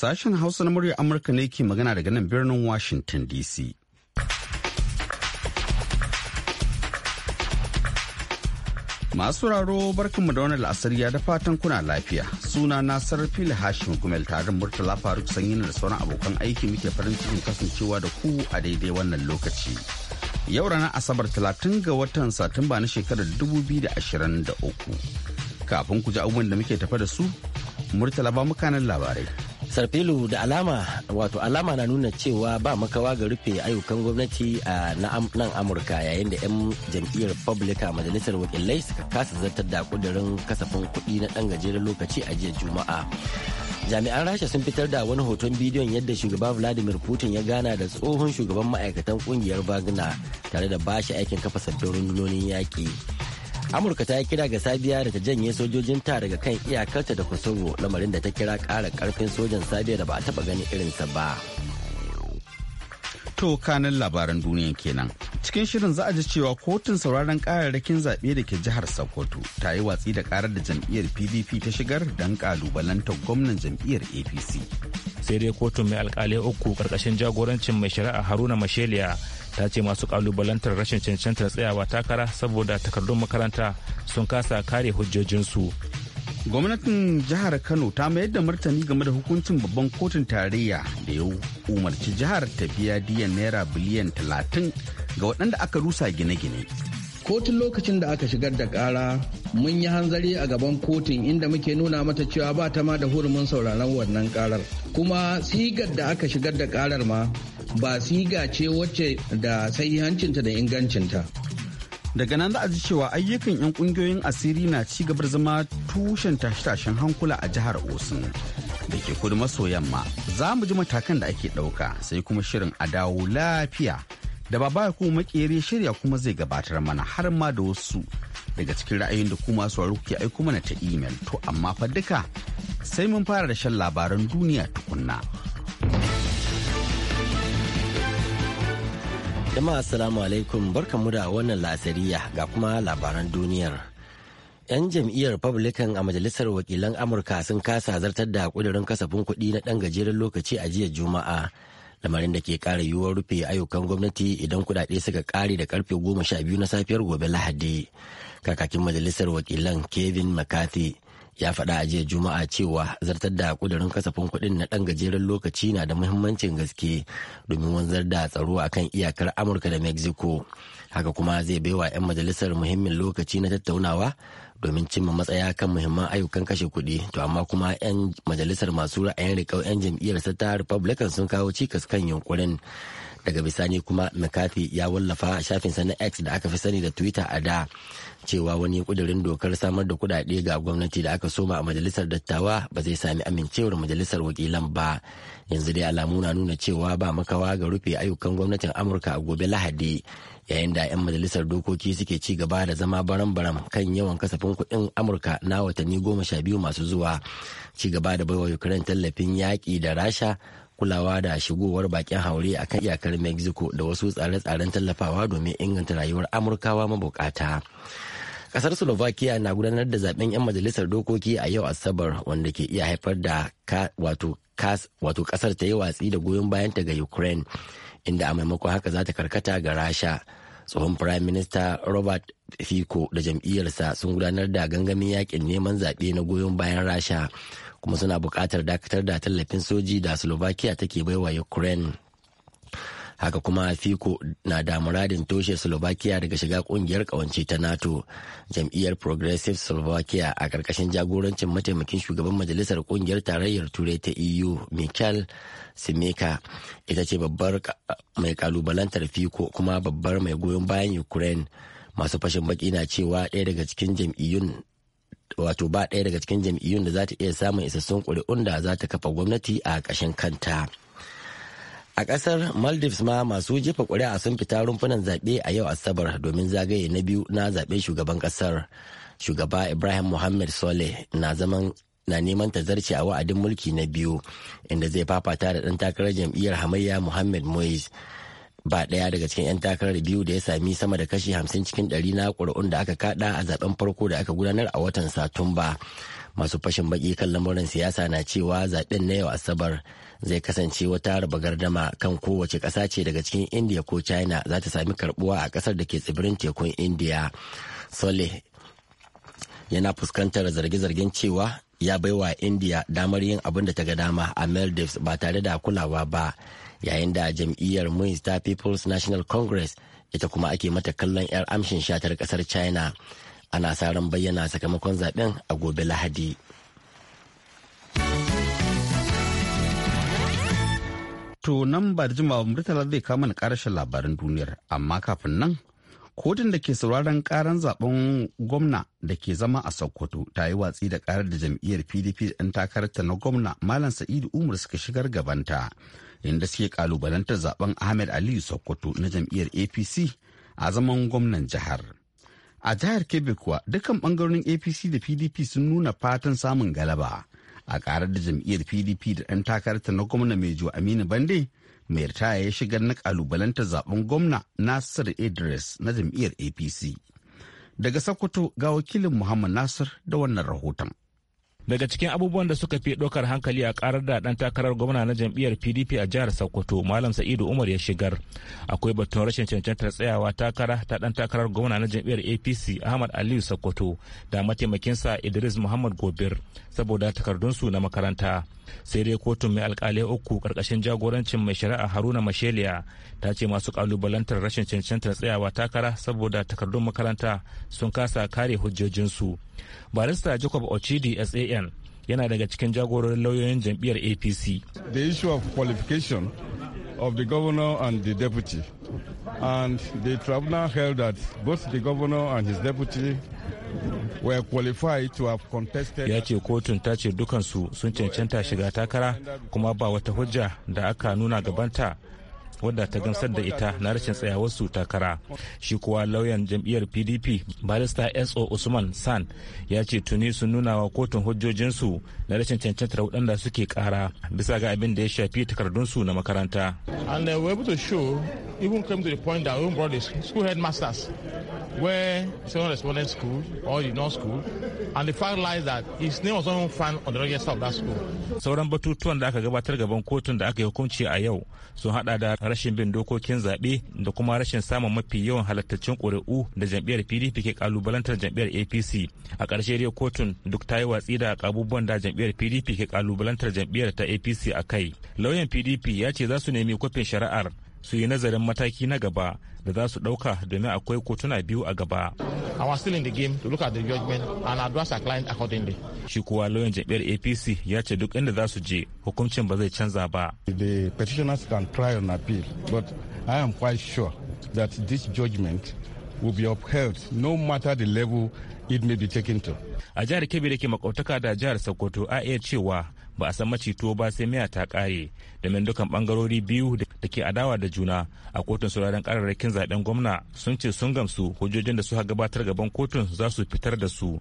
Sashen Hausa na muryar Amurka ne ke magana daga nan birnin Washington DC. Masu raro barkanmu da wani la'asariya da fatan kuna lafiya. Suna na Sarfil Hashim Gumel tarin Murtala Faruk Sanyin da sauran abokan aiki muke farin cikin kasancewa da ku a daidai wannan lokaci. Yau ranar Asabar 30 ga watan Satumba na shekarar 2023. Kafin ku ji abubuwan da muke tafa da su, Murtala ba mukanan labarai. sarfilu da alama wato alama na nuna cewa ba makawa ga rufe ayyukan gwamnati a nan amurka yayin da 'yan jam'iyyar republica majalisar wakilai suka kasa zartar da kudirin kasafin kudi na dan gajeren lokaci a jiya juma'a jami'an rasha sun fitar da wani hoton bidiyon yadda shugaba vladimir putin ya gana da tsohon shugaban ma'aikatan kungiyar bagna tare da bashi aikin kafa sabbin rundunonin yaƙi amurka ta yi kira ga sabiya da ta janye sojojinta daga kan iyakarta da kosovo lamarin da ta kira ƙara ƙarfin sojan sabiya da ba a taɓa ganin irin sa ba to kanin labaran duniya kenan cikin shirin za a ji cewa kotun sauraron kararrakin zaɓe da ke jihar sokoto ta yi watsi da karar da jam'iyyar pdp ta shigar don kalubalantar gwamnan jam'iyyar apc sai dai kotun mai alkali uku karkashin jagorancin mai shari'a haruna masheliya ta ce masu kalubalantar rashin cancantar tsayawa takara saboda takardun makaranta sun kasa kare hujjojinsu gwamnatin jihar kano ta mayar da martani game da hukuncin babban kotun tarayya da ya umarci jihar ta biya diyan naira biliyan talatin ga waɗanda aka rusa gine-gine kotun lokacin da aka shigar da kara mun yi hanzari a gaban kotun inda muke nuna mata cewa ba ta ma da hurumin sauraron wannan karar kuma sigar da aka shigar da karar ma ba siga ce wacce da sahihancinta da ingancinta. Daga nan za a ji cewa ayyukan 'yan kungiyoyin asiri na ci gabar zama tushen tashe-tashen hankula a jihar Osun da ke kudu maso yamma. Za mu ji matakan da ake ɗauka sai kuma shirin a dawo lafiya da baba kuma makere shirya kuma zai gabatar mana har ma da wasu daga cikin ra'ayin da kuma sauraro ke aiko mana ta imel to amma fa duka sai mun fara da shan labaran duniya tukunna. Jama'a Assalamu alaikum barkanmu da wannan lasariya ga kuma labaran duniyar. 'Yan jam'iyyar Republican a Majalisar Wakilan Amurka sun kasa zartar da kudirin kasafin kuɗi na ɗan gajeren lokaci a jiya Juma'a. Lamarin da ke ƙara yiwuwar rufe ayyukan gwamnati idan kuɗaɗe suka kare da karfe goma sha biyu na safiyar gobe Lahadi. Kakakin Majalisar Wakilan Kevin McCarthy ya faɗa a jiya juma'a cewa zartar da kudirin kasafin kuɗin na ɗan gajeren lokaci na da muhimmancin gaske domin wanzar da tsaro a kan iyakar amurka da mexico haka kuma zai baiwa 'yan majalisar muhimmin lokaci na tattaunawa domin cimma matsaya kan muhimman ayyukan kashe kuɗi to amma kuma 'yan majalisar masu ra'ayin riƙau 'yan jam'iyyar ta republican sun kawo cikas kan yunkurin daga bisani kuma mccarthy ya wallafa shafinsa na x da aka fi sani da twitter a da cewa wani kudirin dokar samar da kudade ga gwamnati da aka soma a majalisar dattawa ba zai sami amincewar majalisar wakilan ba yanzu dai alamu na nuna cewa ba makawa ga rufe ayyukan gwamnatin amurka a gobe lahadi yayin da 'yan majalisar dokoki suke ci gaba da zama baram-baram kan yawan kasafin kuɗin amurka na watanni goma sha biyu masu zuwa ci gaba da baiwa ukraine tallafin yaƙi da rasha kulawa da shigowar bakin haure a kan iyakar mexico da wasu tsare-tsaren tallafawa domin inganta rayuwar amurkawa mabukata kasar slovakia na gudanar da zaben 'yan majalisar dokoki a yau asabar wanda ke iya haifar da wato kasar ta yi watsi da goyon bayan ta ga ukraine inda a maimakon haka za ta karkata ga rasha tsohon prime minister robert fico da jam'iyyarsa sun gudanar da gangamin yakin neman zaɓe na goyon bayan rasha kuma suna buƙatar dakatar da tallafin soji da slovakia take baiwa ukraine haka kuma fiko na da muradin toshe slovakia daga shiga kungiyar kawance ta nato jam'iyyar progressive slovakia a karkashin jagorancin mataimakin shugaban majalisar kungiyar tarayyar turai ta eu michael simeka ita ce babbar mai kalubalantar fiko kuma babbar mai goyon bayan ukraine masu fashin baki na cewa ɗaya daga cikin jam'iyyun wato ba ɗaya daga cikin jam'iyyun da za ta iya samun isassun ƙuri'un da za ta kafa gwamnati a ƙashin kanta. A ƙasar Maldives ma masu jefa ƙuri'a sun fita rumfunan zaɓe a yau Asabar domin zagaye na biyu na zaɓe shugaban ƙasar. Shugaba Ibrahim Mohammed saleh na zaman na neman ta zarce a wa'adin mulki na biyu inda zai fafata da ɗan takarar jam'iyyar hamayya Mohammed Moise. ba ɗaya daga cikin 'yan takarar biyu da ya sami sama da kashi hamsin cikin ɗari na ƙuri'un da aka kada a zaben farko da aka gudanar a watan satumba masu fashin baki kan lamuran siyasa na cewa zaben na yau asabar zai kasance wata raba gardama kan kowace ƙasa ce daga cikin india ko china za ta sami karbuwa a ƙasar da ke tsibirin tekun india sole yana fuskantar zarge-zargen cewa ya baiwa india damar yin abin da ta ga dama a maldives ba tare da kulawa ba yayin da jam'iyyar ta people's national congress ita kuma ake mata kallon 'yar amshin shatar kasar china ana sa ran bayyana sakamakon zaɓen a gobe lahadi to nan ba da jimawa murtala zai kama na karashin labaran duniyar amma kafin nan kotun da ke sauraron karan zaben gwamna da ke zama a sokoto ta yi watsi da karar da jam'iyyar pdp ɗan takararta na gwamna malam sa'idu umar suka shigar gabanta inda suke kalubalantar zaben ahmed aliyu sokoto na jam'iyyar apc a zaman gwamnan jihar a jihar kebbi kuwa dukkan bangarorin apc da pdp sun nuna fatan samun galaba a karar da jam'iyyar pdp da ɗan takarta na gwamna mejo aminu bande mai ritaya ya shigar na kalubalantar zaben gwamna nasir idris na jam'iyyar apc daga sokoto ga wakilin muhammad nasir da wannan rahoton daga cikin abubuwan da suka fi ɗaukar hankali a karar da ɗan takarar gwamna na jam'iyyar pdp a jihar sokoto malam sa'idu umar ya shigar akwai batun rashin cancantar tsayawa takara ta ɗan takarar gwamna na jam'iyyar apc ahmad aliyu sokoto da mataimakinsa idris muhammad gobir saboda takardunsu na makaranta sai dai kotun mai alkalai uku karkashin jagorancin mai shari'a haruna mashelia ta ce masu kalubalantar rashin cancantar tsayawa takara saboda takardun makaranta sun kasa kare hujjojinsu barista jacob ochidi saa an yana daga cikin jagororin lauyoyin jam'iyyar apc the issue of qualification of the governor and the deputy and the tribunal held that both the governor and his deputy were qualified to have contested ya ce kotun ta ce dukansu sun cancanta shiga takara kuma ba wata hujja da aka nuna gabanta wadda ta gamsar da ita na rashin tsayawarsu takara shi kuwa lauyan jam'iyyar pdp barista so usman san ya ce tuni sun nuna wa kotun hujjojinsu na rashin cancantar waɗanda suke ƙara bisa ga abin da ya shafi takardunsu na makaranta. And uh, we're able to show even came to the point that we even school headmasters where the responded school or the non-school and the fact lies that his name was not found on the register of that school. Sauran batutuwan da aka gabatar gaban kotun da aka yi hukunci a yau sun hada da rashin bin dokokin zaɓe da kuma rashin samun mafi yawan halattacin ƙuri'u da jam'iyyar PDP ke kalubalantar jam'iyyar APC. A ƙarshe dai kotun duk ta yi watsi da abubuwan da jam'iyyar jam'iyyar pdp ke kalubalantar jam'iyyar ta apc a kai lauyan pdp ya ce za su nemi kwafin shari'ar su yi nazarin mataki na gaba da za su ɗauka domin akwai kotuna biyu a gaba. Our still in the game to look at the judgment and address our client accordingly. Shi kuwa lauyan jam'iyyar APC ya ce duk inda za su je hukuncin ba zai canza ba. The petitioners can try on appeal but I am quite sure that this judgment will be upheld no matter the level it may be taken to. A jihar Kebbi da ke makwabtaka da jihar Sokoto a iya cewa ba a san macito ba sai miya ta kare domin dukan bangarori biyu da ke adawa da juna a kotun sauraron kararrakin zaɓen gwamna sun ce sun gamsu hujjojin da su suka gabatar gaban kotun za su fitar da su.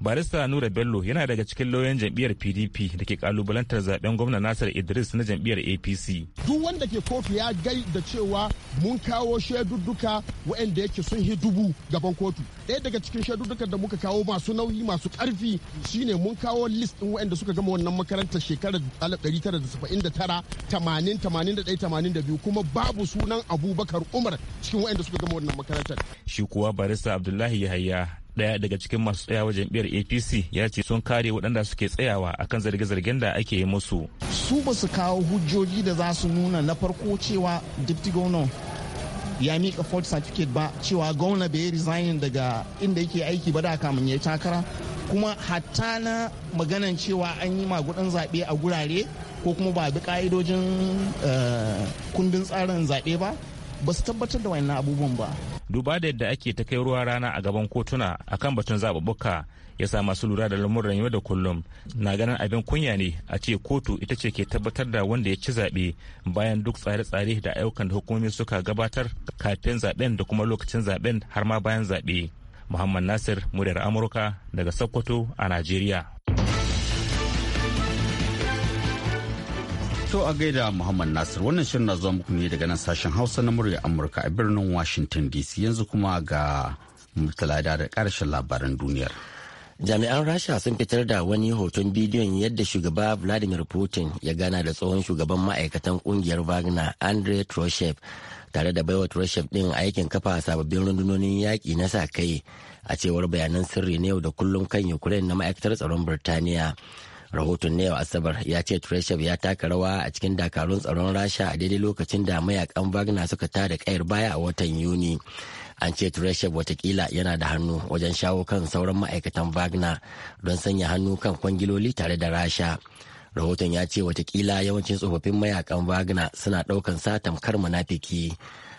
barista nura bello yana daga cikin lauyan jam'iyyar pdp da ke kalubalantar zaben gwamna nasar idris na jam'iyyar apc duk wanda ke kotu ya gai da cewa mun kawo shaidudduka wa'anda yake sun hi dubu gaban kotu ɗaya daga cikin shaidudduka da muka kawo masu nauyi masu karfi shine mun kawo list ɗin waanda suka gama wannan makarantar shekarar 1979 80 kuma babu sunan abubakar umar cikin wa'anda suka gama wannan makarantar shi kuwa barista abdullahi yahaya daya daga cikin masu tsayawa jam'iyar apc ya ce sun kare waɗanda suke tsayawa akan zarge-zargen da ake yi musu su ba su kawo hujjoji da za su nuna na farko cewa deputy governor ya mika fort certificate ba cewa gwamna bai yi resign daga inda yake aiki ba da kamun ya takara kuma hatta na maganan cewa an yi magudan zaɓe a gurare ko kuma ba bi ka'idojin eh, kundin tsarin zaɓe ba ba su tabbatar da wannan abubuwan ba duba da yadda ake ta kai ruwa rana a gaban kotuna akan batun zaɓuɓɓuka ya sa masu lura da lamuran yau da kullum na ganin abin kunya ne a ce kotu ita ce ke tabbatar da wanda ya ci zaɓe bayan duk tsare-tsare da ayyukan da hukumomi suka gabatar kafin zaɓen da kuma lokacin zaɓen har ma bayan zaɓe muhammad nasir muryar amurka daga sokoto a najeriya To a gaida Muhammad Nasir wannan shirin na zuwa muku ne daga nan sashen Hausa na murya Amurka a birnin Washington DC yanzu kuma ga Murtala da karshen labaran duniyar. Jami'an Rasha sun fitar da wani hoton bidiyon yadda shugaba Vladimir Putin ya gana da tsohon shugaban ma'aikatan kungiyar Wagner andre Troshev tare da baiwa Troshev din aikin kafa sababbin rundunonin yaƙi na sa kai a cewar bayanan sirri na yau da kullum kan Ukraine na ma'aikatar tsaron Birtaniya. rahoton na yau asabar ya ce treshev ya taka rawa a cikin dakarun tsaron rasha a daidai lokacin da mayakan wagner suka da kayar baya a watan yuni an ce treshev watakila yana da hannu wajen shawo kan sauran ma'aikatan wagner don sanya hannu kan kwangiloli tare da rasha rahoton ya ce watakila yawancin tsofaffin mayakan wagner suna ɗaukan sa tamkar munafiki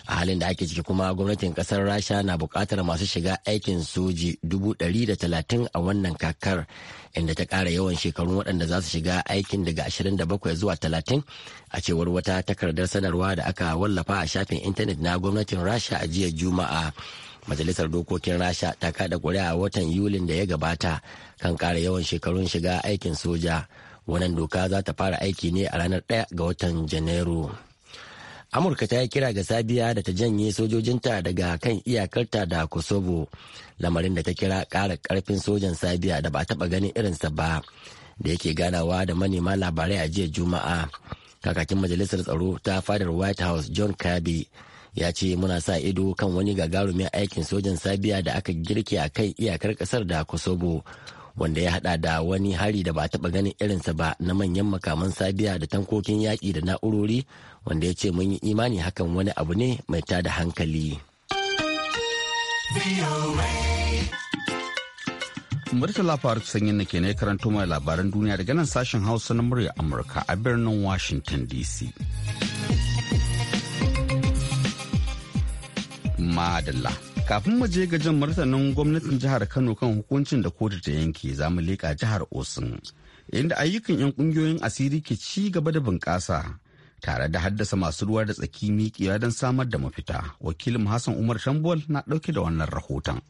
a halin da ake ciki kuma gwamnatin kasar rasha na bukatar masu shiga aikin soji 130 a wannan kakar inda ta kara yawan shekarun waɗanda za su shiga aikin daga 27 zuwa 30 a cewar wata takardar sanarwa da aka wallafa a shafin intanet na gwamnatin rasha a jiya juma'a majalisar dokokin rasha ta kada kuri'a watan yulin da ya gabata kan kara yawan shekarun shiga aikin soja wannan doka za ta fara aiki ne a ranar 1 ga watan janairu. amurka ta yi kira ga sabiya da ta janye sojojinta daga kan iyakarta da kosovo lamarin da ta kira ƙara ƙarfin sojan sabiya da ba taɓa ganin irinsa ba da yake ganawa da manema labarai a jiya juma'a kakakin majalisar tsaro ta fadar white house john kirby ya ce muna sa ido kan wani gagarumin aikin sojan sabiya da aka girke a kan iyakar kasar da kosovo wanda ya hada da wani hari da ba taɓa ganin irinsa ba na manyan makaman sabiya da tankokin yaƙi da na'urori wanda ya ce mun yi imani hakan wani abu ne mai tada hankali. Murtala Faruk Sanyin nake ne karanto mai labaran duniya daga nan sashen Hausa na murya Amurka a birnin Washington DC. Madalla. kafin mu je ga jan martanin gwamnatin jihar kano kan hukuncin da kotu ta yanke za mu leƙa jihar osun inda ayyukan 'yan ƙungiyoyin asiri ke ci gaba da bunƙasa tare da haddasa masu ruwa da tsaki miƙewa don samar da mafita wakilin hassan umar shambol na ɗauke da wannan rahoton.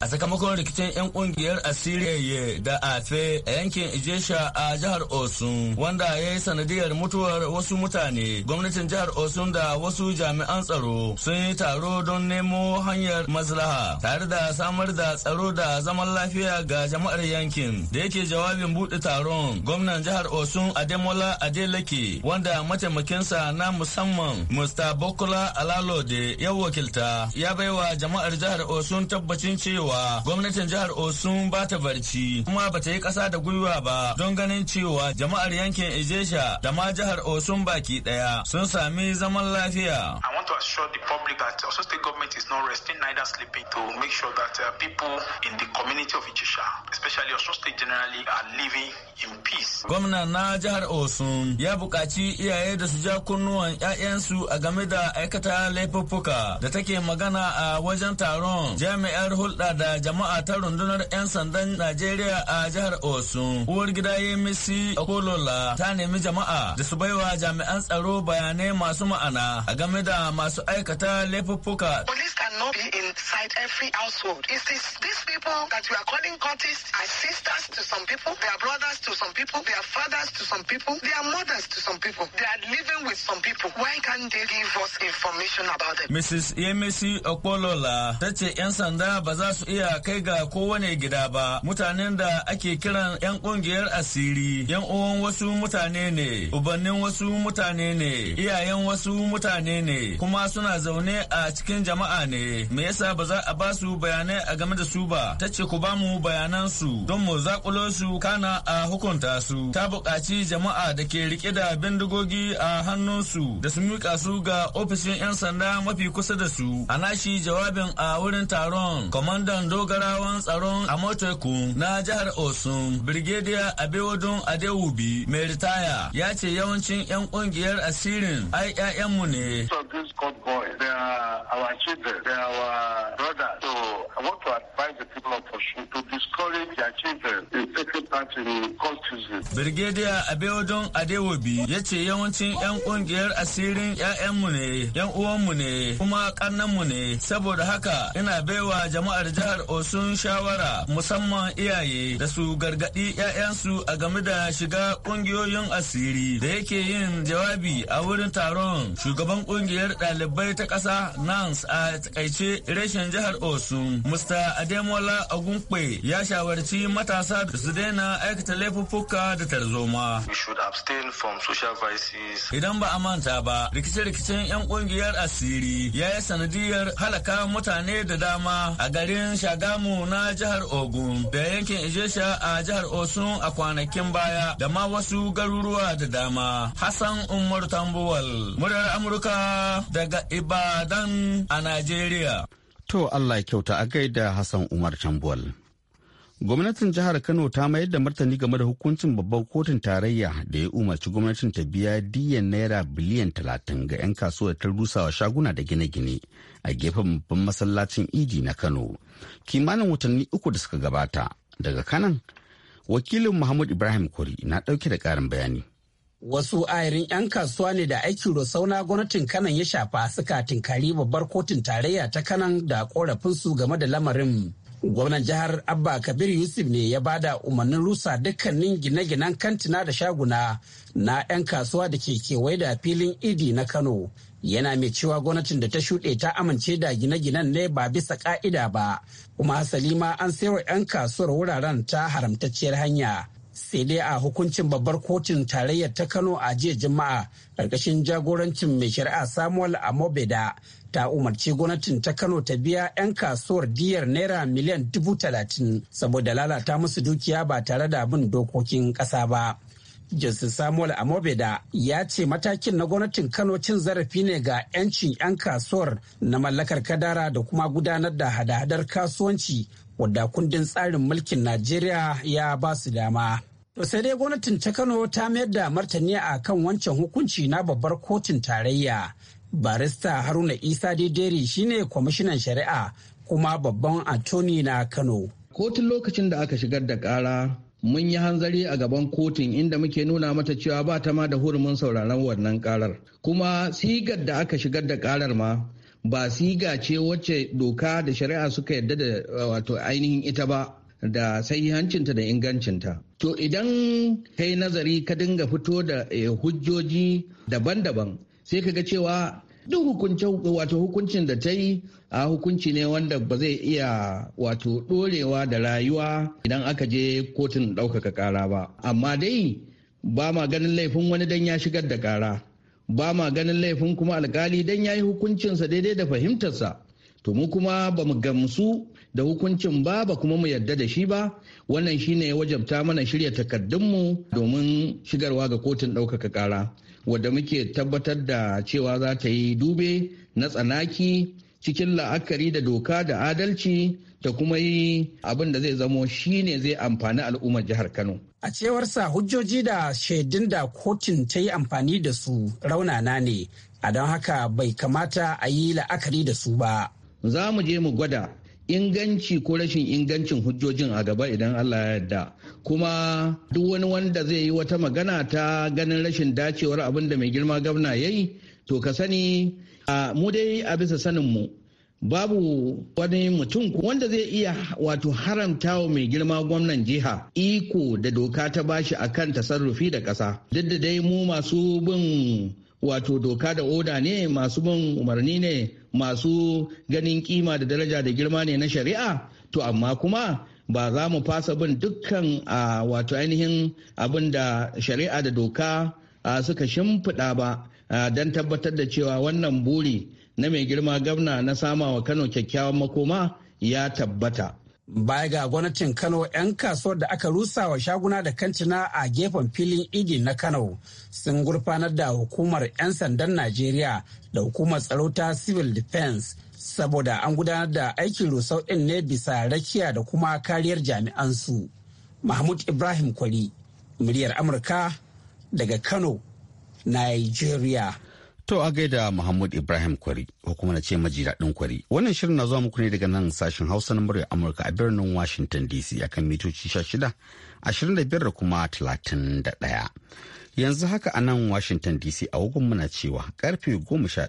a sakamakon rikicin 'yan kungiyar asiriya da afe a yankin ijesha a jihar osun wanda ya yi sanadiyar mutuwar wasu mutane gwamnatin jihar osun da wasu jami'an tsaro sun yi taro don nemo hanyar maslaha tare da samar da tsaro da zaman lafiya ga jama'ar yankin da yake jawabin buɗe taron gwamnan jihar osun ademola adeleke wanda mataimakinsa na musamman mr bokola alalode ya wakilta ya baiwa jama'ar jihar osun tabbacin cewa cewa gwamnatin jihar Osun ba ta barci kuma ba ta yi ƙasa da gwiwa ba don ganin cewa jama'ar yankin Ejesha da ma jihar Osun baki ɗaya sun sami zaman lafiya. I want to assure the public that Osun State government is not resting neither sleeping to make sure that uh, people in the community of Ejesha, especially Osun State generally, are living in peace. Gwamna na jihar Osun ya buƙaci iyaye da su ja kunnuwan 'ya'yansu a game da aikata laifuffuka da take magana a wajen taron jami'ar hulɗa da jama'a ta rundunar 'yan sandan Najeriya a jihar Osun. Uwar gida Yemisi Okolola ta nemi jama'a da su baiwa jami'an tsaro bayanai masu ma'ana a game da masu aikata laifuffuka. Police cannot be inside every household. these people that you are calling cultists are sisters to some people, they are brothers to some people, They are fathers to some people. They are mothers to some people. They are living with some people. Why can't they give us information about them? Mrs. Yemisi okolola ta ce 'yan sanda ba za su iya kai ga kowane gida ba. Mutanen da ake kiran 'yan kungiyar asiri, 'yan uwan wasu mutane ne, ubannin wasu mutane ne, iyayen wasu mutane ne, kuma suna zaune a cikin jama'a ne. Me yasa ba za a ba su bayanai a game da su ba? Ta ku ba bayanan su don mu zakulo su kana a hukunta su. ta buƙaci jama'a da ke rike da bindigogi a hannunsu da su miƙa su ga ofishin 'yan sanda mafi kusa da su. A nashi jawabin a wurin taron, kwamandan dogarawan tsaron a Motoku na jihar Osun, birgediya Abewodun Adewubi mai ritaya ya ce yawancin 'yan ƙungiyar asirin ai 'ya'yanmu ne. our children, to discourage their children in taking part in cultism. Birgediya Abeodun Adewobi ya ce yawancin 'yan kungiyar asirin 'ya'yanmu ne, 'yan uwanmu ne, kuma mu ne. Saboda haka ina baiwa jama'ar jihar Osun shawara musamman iyaye da su gargaɗi 'ya'yansu a game da shiga ƙungiyoyin asiri da yake yin jawabi a wurin taron shugaban ƙungiyar ɗalibai ta ƙasa NANS a takaice reshen jihar Osun. Mr. Ademola Agunkwe ya shawarci matasa da su daina aikata laifuffuka da tarzoma. Idan ba a manta ba, rikice-rikicen 'yan kungiyar asiri ya yi sanadiyar halaka mutane da dama a garin Shagamu na jihar Ogun da yankin Ijesha a jihar Osun a kwanakin baya da ma wasu garuruwa da dama. Hassan Umar Tambuwal, murar Amurka daga Ibadan a Najeriya. To Allah kyauta a gaida Hassan Umar Tambuwal. gwamnatin jihar kano ta mayar da martani game da hukuncin babbar kotun tarayya da ya umarci gwamnatin ta biya diyan naira biliyan talatin ga 'yan kasuwar ta rusawa shaguna da gine-gine a gefen babban masallacin idi na kano kimanin watanni uku da suka gabata daga kanan wakilin muhammad ibrahim kori na ɗauke da ƙarin bayani wasu ayarin 'yan kasuwa ne da aikin rosauna gwamnatin kanan ya shafa suka tinkari babbar kotun tarayya ta kanan da korafinsu game da lamarin Gwamnan jihar Abba Kabir Yusuf ne ya bada umarnin rusa dukkanin gine-ginen kantina da shaguna na 'yan kasuwa da ke kewaye da filin idi na Kano. Yana mai cewa gwamnatin da ta shuɗe ta amince da gine-ginen ne ba bisa ƙa'ida ba, kuma hasali ma an wa 'yan kasuwar wuraren ta haramtacciyar hanya. sai dai a hukuncin babbar kotun tarayyar ta kano a jiya juma'a ƙarƙashin jagorancin mai shari'a samuel amobeda ta umarci gwamnatin ta Kano ta biya 'yan kasuwar diyar naira miliyan dubu talatin saboda lalata musu dukiya ba tare da bin dokokin ƙasa ba. Justice Samuel Amobeda ya ce matakin na gwamnatin Kano cin zarafi ne ga 'yancin 'yan kasuwar na mallakar kadara da kuma gudanar da hada-hadar kasuwanci wadda kundin tsarin mulkin Najeriya ya ba su dama. To sai dai gwamnatin ta Kano ta mayar da martani a kan wancan hukunci na babbar kotun tarayya barista haruna isa daidari shine kwamishinan shari'a kuma babban attorney na kano kotun lokacin da aka shigar da kara mun yi hanzari a gaban kotun inda muke nuna mata cewa ba ta ma da hurumin sauraron wannan karar kuma sigar da aka shigar da karar ma ba siga ce wacce doka da shari'a suka yarda da wato ainihin ita ba da sahihancinta da ingancinta. To idan kai nazari ka dinga fito da eh, hujjoji daban-daban sai ka ga cewa duk hukuncin wato hukuncin da ta yi a hukunci ne wanda ba zai iya wato dorewa da rayuwa idan aka je kotun ɗaukaka kara ba amma dai ba ma ganin laifin wani dan ya shigar da kara ba ma ganin laifin kuma alkali dan ya yi hukuncinsa daidai da fahimtarsa to mu kuma ba mu gamsu da hukuncin ba ba kuma mu yarda da shi ba wannan shine ya wajabta mana shirya takaddunmu domin shigarwa ga kotun ɗaukaka kara. wadda muke tabbatar da cewa za ta yi dube na tsanaki cikin la'akari da doka da adalci ta kuma yi abin da zai zamo shi ne zai amfani al'ummar jihar Kano. A cewarsa hujjoji da shaidun da kotun ta yi amfani da su raunana ne, a don haka bai kamata a yi la'akari da su ba. Za mu je mu gwada inganci ko rashin ingancin hujjojin a gaba idan Allah ya yarda kuma duk wani wanda zai yi wata magana ta ganin rashin dacewar abin da mai girma gwamna ya yi to ka sani mu dai a bisa sanin mu babu wani mutum wanda zai iya wato haramta wa mai girma gwamnan jiha iko da doka ta bashi akan tasarrufi da ƙasa duk da dai mu masu bin wato doka da oda ne masu bin umarni ne masu ganin kima da daraja da girma ne na shari'a to amma kuma ba za mu fasa bin dukkan a wato ainihin abin da shari'a da doka suka shimfiɗa ba don tabbatar da cewa wannan buri na mai girma gwamna na sama wa kano kyakkyawan makoma ya tabbata Baya ga gwamnatin Kano 'yan kasuwar da aka rusa wa shaguna da kantina a gefen filin idi na Kano sun gurfanar da hukumar 'yan sandan Najeriya da hukumar tsaro ta civil defense saboda an gudanar da aikin rusau din ne bisa rakiya da kuma kariyar jami'ansu. Mahmud Ibrahim Kwari, muryar Amurka daga Kano, Nigeria. To a gaida Muhammad Ibrahim Kwari ko kuma na ce maji daɗin Kwari. Wannan shirin na zuwa muku ne daga nan sashen Hausa na murya Amurka a birnin Washington DC a kan mitoci 16, 25 da kuma talatin da ɗaya. Yanzu haka a nan Washington DC a wugun muna cewa karfe 11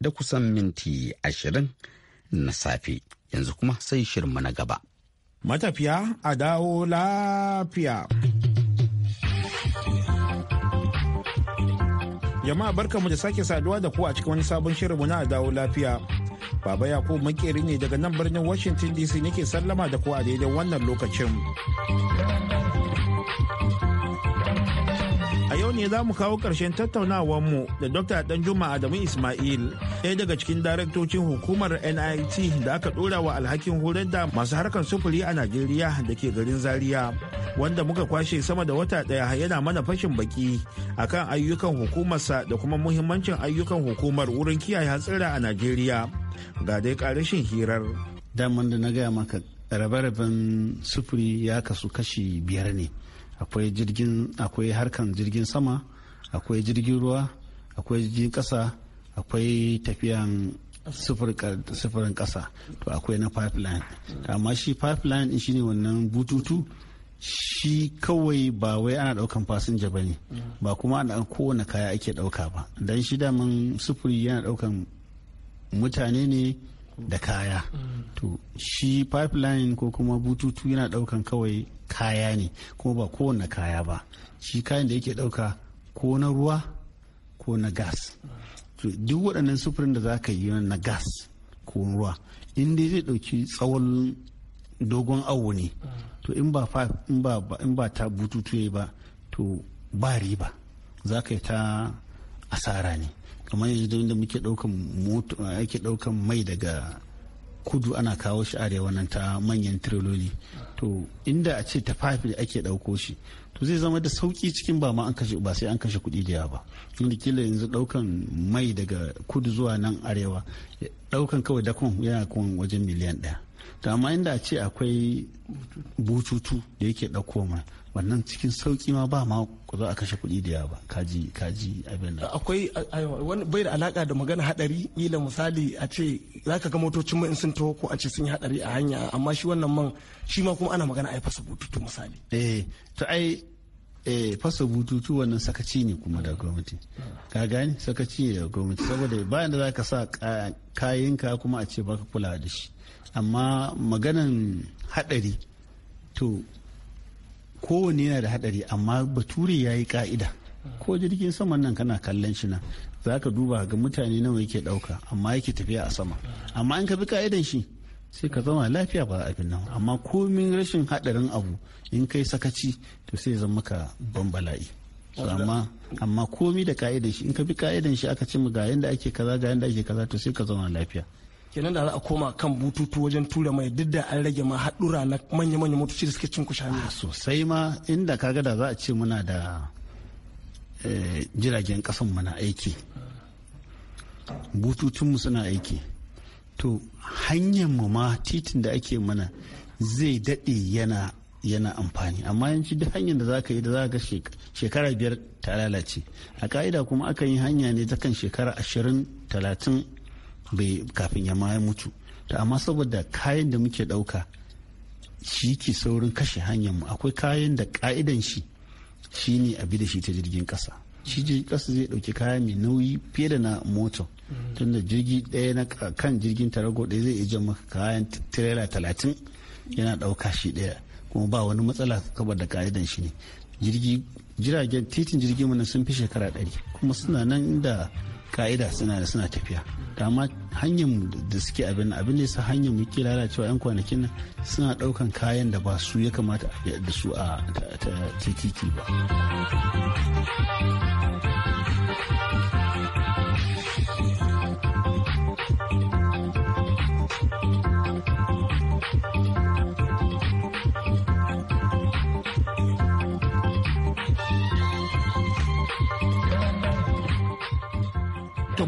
da kusan minti 20 na safe. Yanzu kuma sai shirin na gaba. Matafiya a dawo lafiya. Jama'a barka mu da sake saduwa da ku a cikin wani sabon shirin na dawo lafiya. Baba Yakubu makeri ne daga nan birnin Washington DC nake sallama da ku a daidai wannan lokacin. yau ne za mu kawo ƙarshen mu da Dr. Danjuma Adamu Ismail, ɗaya daga cikin daraktocin hukumar NIT da aka ɗora wa alhakin horar da masu harkar sufuri a Najeriya da ke garin Zaria, wanda muka kwashe sama da wata ɗaya yana mana fashin baki akan ayyukan hukumarsa da kuma muhimmancin ayyukan hukumar wurin kiyaye hatsira a Najeriya. Ga dai ƙarashin hirar. Daman da na gaya maka rabe-raben sufuri ya kasu kashi biyar ne. akwai jirgin akwai harkan jirgin sama akwai jirgin ruwa akwai jirgin kasa akwai tafiyan sufurin kasa to akwai na pipeline amma shi pipeline shi ne wannan bututu shi kawai ba wai ana daukan fasinja ba ne ba kuma ana kowane kaya ake dauka ba don shi daman sufuri yana daukan mutane ne da kaya to shi pipeline ko kuma bututu yana daukan kawai kaya ne kuma ba kowane kaya ba shi kayan da yake dauka ko na ruwa ko na gas duk waɗannan sufurin da za ka yi na gas ko ruwa in zai ɗauki tsawon dogon awo ne to in ba ta bututu ya ba to ba riba za ka yi ta asara ne kamar yanzu da muke daukan moto ake daukan mai daga kudu ana kawo shi arewa nan ta manyan tirololi to inda a ce tafafi ake dauko shi to zai zama da sauki cikin ba ma an kashe ba sai an kashe kuɗi da yawa ba inda kila yanzu daukan mai daga kudu zuwa nan arewa daukan kawai dakon yana kuma wajen miliyan ɗaya to amma inda a ce akwai bututu da yake ɗauko ma wannan cikin sauki ma ba ma ku za a kashe kuɗi da yawa kaji kaji abin da akwai wani bai da alaka da magana hadari ila misali a ce zaka ga motocin mai sun taho ko a ce sun yi hadari a hanya amma shi wannan man shi ma kuma ana magana ai fasa bututu misali eh to ai eh fasa bututu wannan sakaci ne kuma da gwamnati ka gani sakaci ne da gwamnati saboda bayan da zaka sa kayanka kuma a ce baka kula da shi amma maganan hadari to kowanne yana da hadari amma bature ya yi ka'ida ko jirgin saman nan kana kallon shi nan za ka duba ga mutane nawa yake dauka amma yake tafiya a sama amma in ka bi ka'idan shi sai ka zama lafiya ba abin nan amma komin rashin hadarin abu in kai sakaci to sai zama ka ban bala'i amma komi da ka'idan shi in ka bi ka'idan shi aka ce mu ga yanda ake kaza ga yanda ake kaza to sai ka zama lafiya kenan da za a koma kan bututu wajen tura mai duk da an rage ma haɗura na manya-manya motoci da suke cin kusha ne ah, sosai ma inda kaga da za a ce muna da eh, jiragen ƙasan muna aiki bututunmu suna aiki to hanyar mu ma titin da ake mana zai daɗe yana yana amfani amma yanci duk hanyar da za ka yi da za ka shekara biyar ta lalace a ka'ida kuma akan yi hanya ne ta kan shekara ashirin talatin bai kafin ya ya mutu ta amma saboda kayan da muke ɗauka shi ke saurin kashe hanyar mu akwai kayan da ka'idan shi shi ne a da shi ta jirgin ƙasa shi jirgin ƙasa zai ɗauki kaya mai nauyi fiye da na mota mm-hmm. tunda jirgi ɗaya na kan jirgin tarago ɗaya zai iya maka kayan tirela talatin yana ɗauka shi ɗaya kuma ba wani matsala saboda ka'idan shi ne jirgi jiragen titin jirgin mana sun fi shekara ɗari kuma suna nan inda ka'ida suna da suna tafiya amma hanyar da suke abin abin da yasa hanyar muke lalacewa yan kwanakin suna daukan kayan da ba su ya kamata da su a titi ba.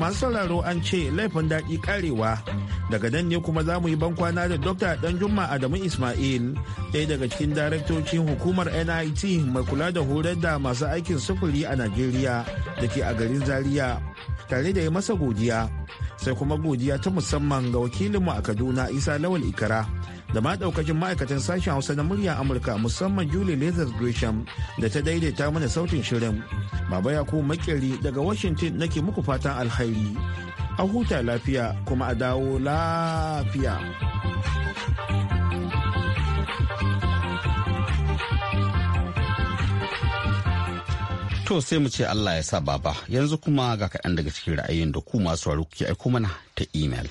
masu sauraro an ce laifin daɗi karewa daga nan ne kuma za mu yi bankwana da dokta danjuma adamu ismail ɗaya daga cikin daraktocin hukumar nit mai kula da horar da masu aikin sufuri a najeriya da ke a garin zaria tare da ya masa godiya sai kuma godiya ta musamman ga wakilinmu a kaduna isa lawal ikara da ma daukacin ma'aikatan sashen hausa na murya amurka musamman julie leathers gresham da ta daidaita mana sautin shirin baba ya yaku makeri daga washington nake muku fatan alhairi a huta lafiya kuma a dawo lafiya To sai mu ce Allah ya sa baba yanzu kuma ga kaɗan daga cikin ra'ayin da ku masu kuke aiko mana ta imel.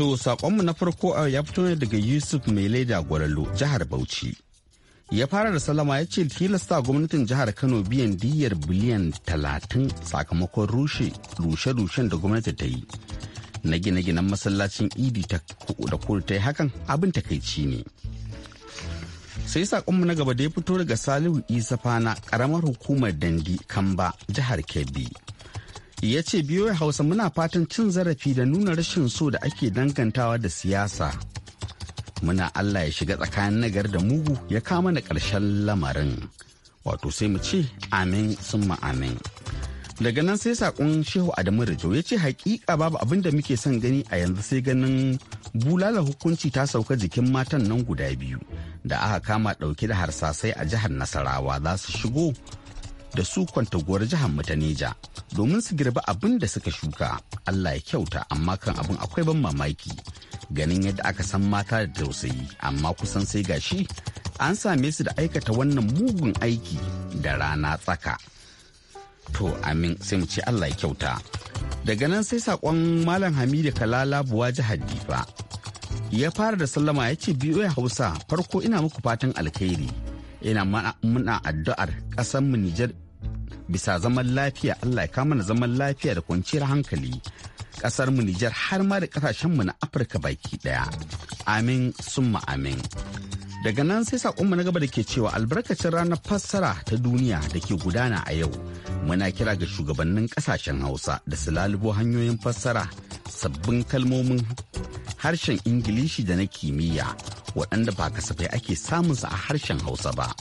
To saƙonmu na farko a ya fito ne daga Yusuf Mai laida Gwarallo, jihar Bauchi. Ya fara da salama ya ce tilasta gwamnatin jihar Kano biyan diyyar biliyan talatin sakamakon rushe-rushen rushe da gwamnati ta yi. Na gine-ginen masallacin idi da kuri ta yi hakan abin takaici ne. Sai saƙonmu na gaba da ya fito daga Salihu Isa Fana, ƙaramar hukumar Dandi, Kamba, jihar Kebbi. ya ce biyoyi hausa muna fatan cin zarafi da nuna rashin so da ake dangantawa da siyasa muna allah ya shiga tsakanin nagar da mugu ya kama na ƙarshen lamarin wato sai mu ce amin sun amin daga nan sai sakon shehu adamu rijo ya ce hakika babu abin da muke son gani a yanzu sai ganin bulala hukunci ta sauka jikin matan nan guda biyu da aka kama ɗauke da harsasai a jihar nasarawa za su shigo da su kwantagowar jihar mu ta Neja domin su girbi abin da suka shuka. Allah ya kyauta amma kan abin akwai ban mamaki. Ganin yadda aka san mata da tausayi amma kusan sai gashi an same su da aikata wannan mugun aiki da rana tsaka. To amin sai mu ce Allah ya kyauta. Daga nan sai saƙon Malam Hamidu Kalala Buwa jihar Difa. Ya fara da sallama ya ce biyo ya Hausa farko ina muku fatan alkhairi. yana muna addu'ar mu Nijar bisa zaman lafiya Allah ya kama zaman lafiya da kwanciyar hankali mu Nijar har ma da mu na Afirka baki daya. Amin summa amin. Daga nan sai saƙonmu na gaba da ke cewa albarkacin ranar fassara ta duniya da ke gudana a yau. Muna kira ga shugabannin ƙasashen Hausa da su lalubo hanyoyin fassara sabbin kalmomin harshen ingilishi da na kimiyya waɗanda ba kasafai ake samun samunsa a harshen hausa ba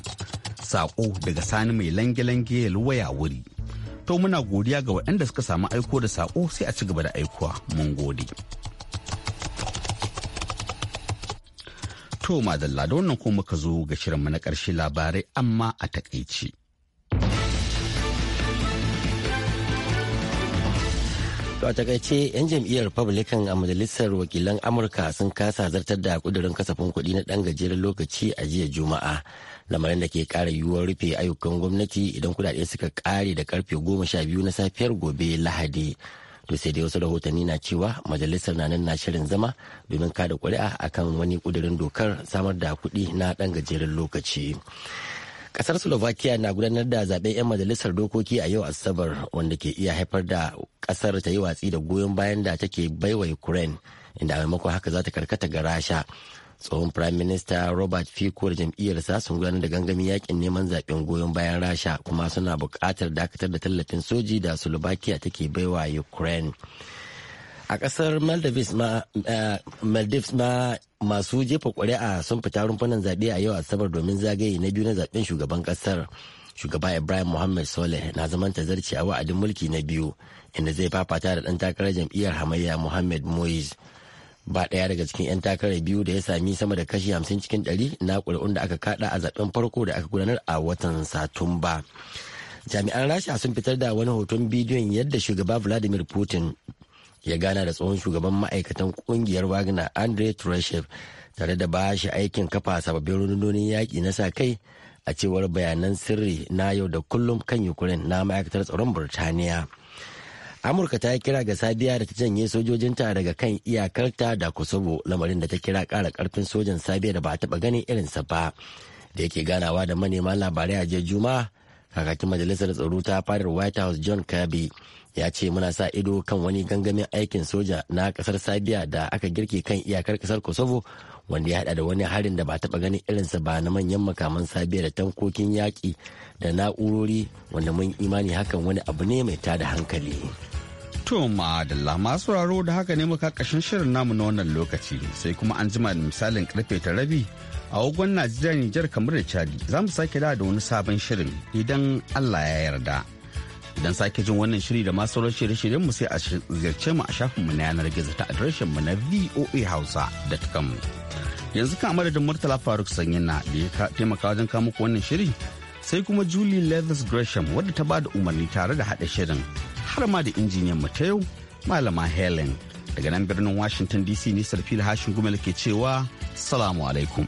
saƙo daga sani mai lange-lange ya waya wuri to muna godiya ga waɗanda suka samu aiko da saƙo sai a ci gaba da aikuwa mun gode to madalla da wannan ko muka zo ga shirinmu na ƙarshe labarai amma a takaici. To a takaice 'yan jam'iyyar Republican a majalisar wakilan Amurka sun kasa zartar da kudurin kasafin kuɗi na ɗan gajeren lokaci a jiya Juma'a. Lamarin da ke ƙara yiwuwar rufe ayyukan gwamnati idan kudade suka ƙare da karfe goma sha biyu na safiyar gobe Lahadi. To sai dai wasu rahotanni na cewa majalisar na nan na shirin zama domin kada kuri'a akan wani kudurin dokar samar da kuɗi na ɗan gajeren lokaci. Kasar Slovakia na gudanar da zaɓen 'yan majalisar dokoki a yau Asabar wanda ke iya haifar da kasar ta yi watsi da goyon bayan da take baiwa Ukraine inda a maimakon haka za ta karkata ga Rasha. Tsohon Prime Minister Robert Fico da jam'iyyarsa sun gudanar da gangami yakin neman zaɓen goyon bayan Rasha kuma suna bukatar dakatar da tallafin soji da Slovakia take baiwa Ukraine. a kasar eh, maldives ma masu jefa ƙuri'a sun fita rumfunan zaɓe a yau asabar domin zagaye na biyu na zaɓen shugaban kasar shugaba ibrahim mohammed soleh na zaman tazarci a wa'adin mulki na biyu inda zai fafata da ɗan takarar jam'iyyar hamayya mohammed moise ba ɗaya daga cikin 'yan takarar biyu da ya sami sama da kashi hamsin cikin ɗari na ƙuri'un da aka kaɗa a zaɓen farko da aka gudanar a watan satumba jami'an rasha sun fitar da wani hoton bidiyon yadda shugaba vladimir putin ya gana da tsohon shugaban ma'aikatan kungiyar wagner andre trushev tare da ba shi aikin kafa sababbin rundunonin yaƙi na sa kai a cewar bayanan sirri na yau da kullum kan ukraine na ma'aikatar tsaron burtaniya amurka ta kira ga sabiya da ta janye sojojinta daga kan iyakarta da kosovo lamarin da ta kira ƙara ƙarfin sojan sabiya da ba taba taɓa ganin irinsa ba da yake ganawa da manema labarai a jiya juma'a kakakin majalisar tsaro ta fadar white house john kirby ya ce muna sa ido kan wani gangamin aikin soja na kasar sabiya da aka girke kan iyakar kasar kosovo wanda ya hada da wani harin da ba taba ganin irinsa ba na manyan makaman sabiya da tankokin yaƙi da na'urori wanda mun imani hakan wani abu ne mai tada hankali to da masu raro da haka ne muka kashin shirin namu na wannan lokaci sai kuma an jima da misalin karfe ta rabi a wagon najeriya nijar kamar da chadi za mu sake da wani sabon shirin idan allah ya yarda. idan sake jin wannan shiri da masu sauran shirye-shiryen mu sai a ziyarce mu a shafin mu na yanar gizo ta adireshin mu na voahausa.com. Yanzu kan amadadin Murtala Faruk Sanyina da ya taimaka wajen kama wannan shiri sai kuma Julie Leathers Gresham wadda ta bada umarni tare da haɗa shirin har ma da injiniyan mu ta yau Malama Helen. Daga nan birnin Washington DC ne Sarfil Hashin Gumel ke cewa Salamu alaikum.